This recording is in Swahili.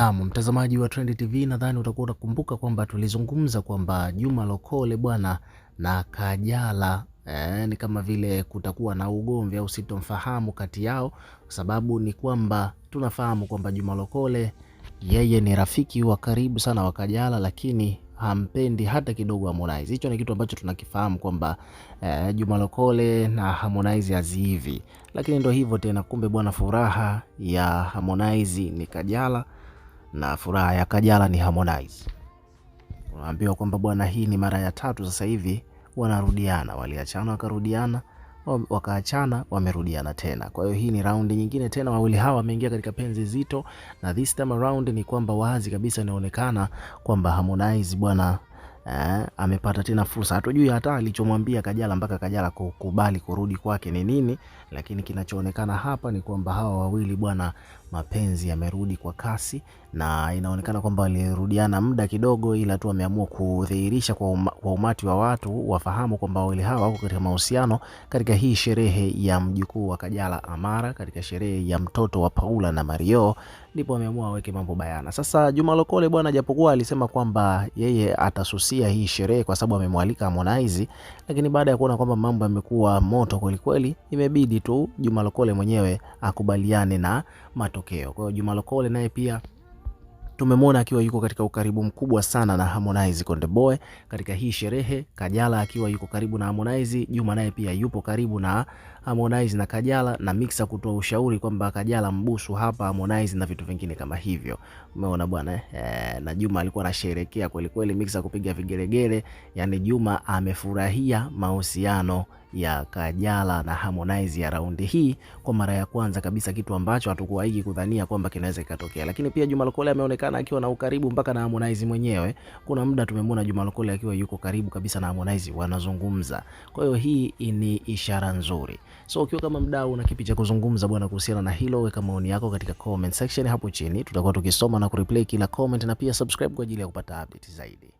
Naam, mtazamaji wa Trend TV, nadhani utakuwa unakumbuka kwamba tulizungumza kwamba Juma Lokole bwana na Kajala eh, ni kama vile kutakuwa na ugomvi au sitomfahamu kati yao, sababu ni kwamba tunafahamu kwamba Juma Lokole yeye ni rafiki wa karibu sana wa Kajala, lakini hampendi hata kidogo Harmonize. Hicho ni kitu ambacho tunakifahamu kwamba eh, Juma Lokole na Harmonize haziivi, lakini ndio hivyo tena, kumbe bwana, furaha ya Harmonize ni Kajala na furaha ya Kajala ni Harmonize. Unaambiwa kwamba bwana, hii ni mara ya tatu sasa hivi wanarudiana, waliachana wakarudiana, wakaachana wamerudiana tena. Kwa hiyo hii ni raundi nyingine tena, wawili hawa wameingia katika penzi zito, na this time around ni kwamba wazi kabisa inaonekana kwamba Harmonize bwana eh, amepata tena fursa. Hatujui hata alichomwambia Kajala mpaka Kajala kukubali kurudi kwake ni nini, lakini kinachoonekana hapa ni kwamba hawa wawili bwana, mapenzi yamerudi kwa kasi, na inaonekana kwamba walirudiana muda kidogo, ila tu ameamua kudhihirisha kwa, um, kwa umati wa watu wafahamu kwamba wawili hawa wako katika mahusiano katika hii sherehe ya mjukuu wa Kajala Amara, katika sherehe ya mtoto wa Paula na Mario, ndipo ameamua aweke mambo bayana. Sasa Juma Lokole bwana, japokuwa alisema kwamba yeye atasusia kususia hii sherehe kwa sababu amemwalika Harmonize, lakini baada ya kuona kwamba mambo yamekuwa moto kwelikweli, imebidi tu Juma Lokole mwenyewe akubaliane na matokeo. Kwa hiyo Juma Lokole naye pia tumemwona akiwa yuko katika ukaribu mkubwa sana na Harmonize Konde Boy katika hii sherehe. Kajala akiwa yuko karibu na Harmonize, Juma naye pia yupo karibu na Harmonize na Kajala, na Mixa kutoa ushauri kwamba Kajala mbusu hapa Harmonize na vitu vingine kama hivyo. Umeona bwana eh, na Juma alikuwa anasherehekea kweli kweli, Mixa kupiga vigeregere, yani Juma amefurahia mahusiano ya Kajala na Harmonize ya raundi hii kwa mara ya kwanza kabisa, kitu ambacho hatukuwahi kudhania kwamba kinaweza kikatokea. Lakini pia Juma Lokole ameonekana akiwa na ukaribu mpaka na Harmonize mwenyewe. Kuna muda tumemwona Juma Lokole akiwa yuko karibu kabisa na Harmonize, wanazungumza. Kwa hiyo hii ni ishara nzuri. So ukiwa kama mdau, una kipi cha kuzungumza bwana kuhusiana na hilo? Weka maoni yako katika comment section hapo chini, tutakuwa tukisoma na kureplay kila comment, na pia subscribe kwa ajili ya kupata update zaidi.